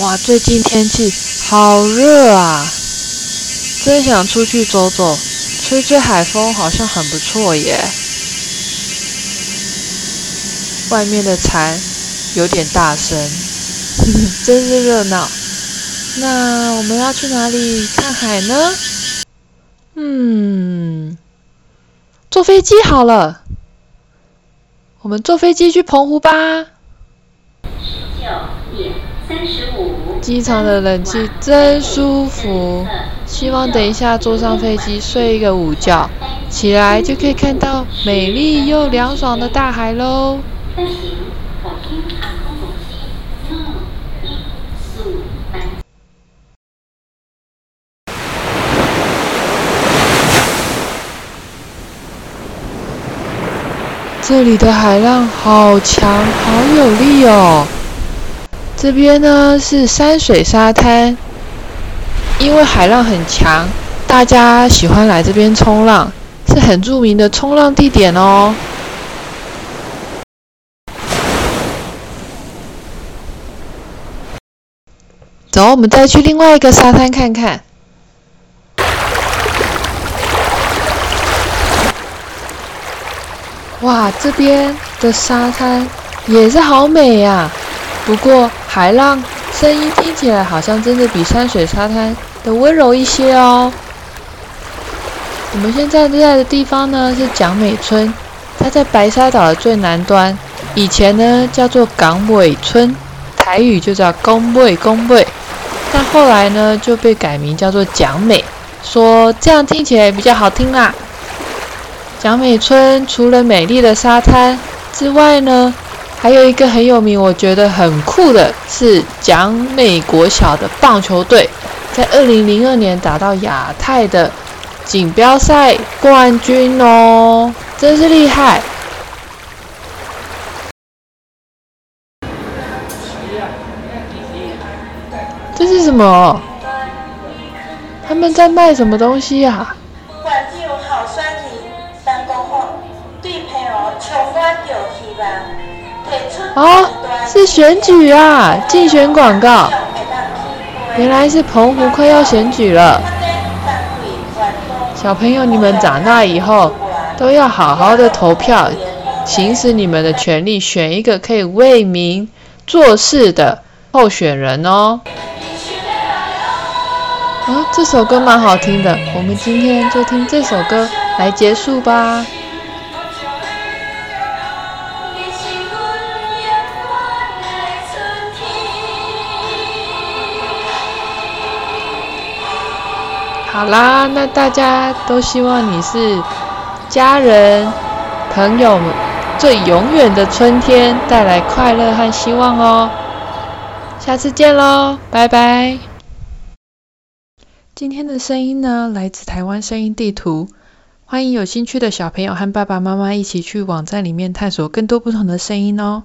哇，最近天氣好熱啊，真想出去走走，吹吹海風，好像很不錯耶。外面的蟬有點大聲， 真是熱鬧。那我們要去哪裡看海呢？嗯，坐飛機好了，我們坐飛機去澎湖吧。十九點三十五。機場的冷氣真舒服，希望等一下坐上飛機，睡一個午覺，起來就可以看到美麗又涼爽的大海嘍。這裡的海浪好強，好有力哦。這邊呢是山水沙灘，因為海浪很強，大家喜歡來這邊衝浪，是很著名的衝浪地點哦。走，我們再去另外一個沙灘看看。哇，這邊的沙灘也是好美呀，不過。海浪聲音聽起來好像真的比山水沙灘的溫柔一些哦。我們現在在的地方呢是講美村，它在白沙島的最南端。以前呢叫做港尾村，台語就叫港尾港尾，但後來呢就被改名叫做講美，說這樣聽起來比較好聽啦。講美村除了美麗的沙灘之外呢，還有一個很有名，我覺得很酷的是，講美國小的棒球隊在二零零二年打到亞太的錦標賽冠軍哦，真是厲害！這是什麼？他們在賣什麼東西呀、啊？啊、哦，是選舉啊，競選廣告，原來是澎湖快要選舉了。小朋友，你們長大以後都要好好的投票，行使你們的權利，選一個可以為民做事的候選人哦。啊、哦，這首歌蠻好聽的，我們今天就聽這首歌來結束吧。好啦，那大家都希望你是家人、朋友最永遠的春天，帶來快樂和希望哦。下次見嘍，拜拜。今天的聲音呢，來自台灣聲音地圖，歡迎有興趣的小朋友和爸爸媽媽一起去網站裡面探索更多不同的聲音哦。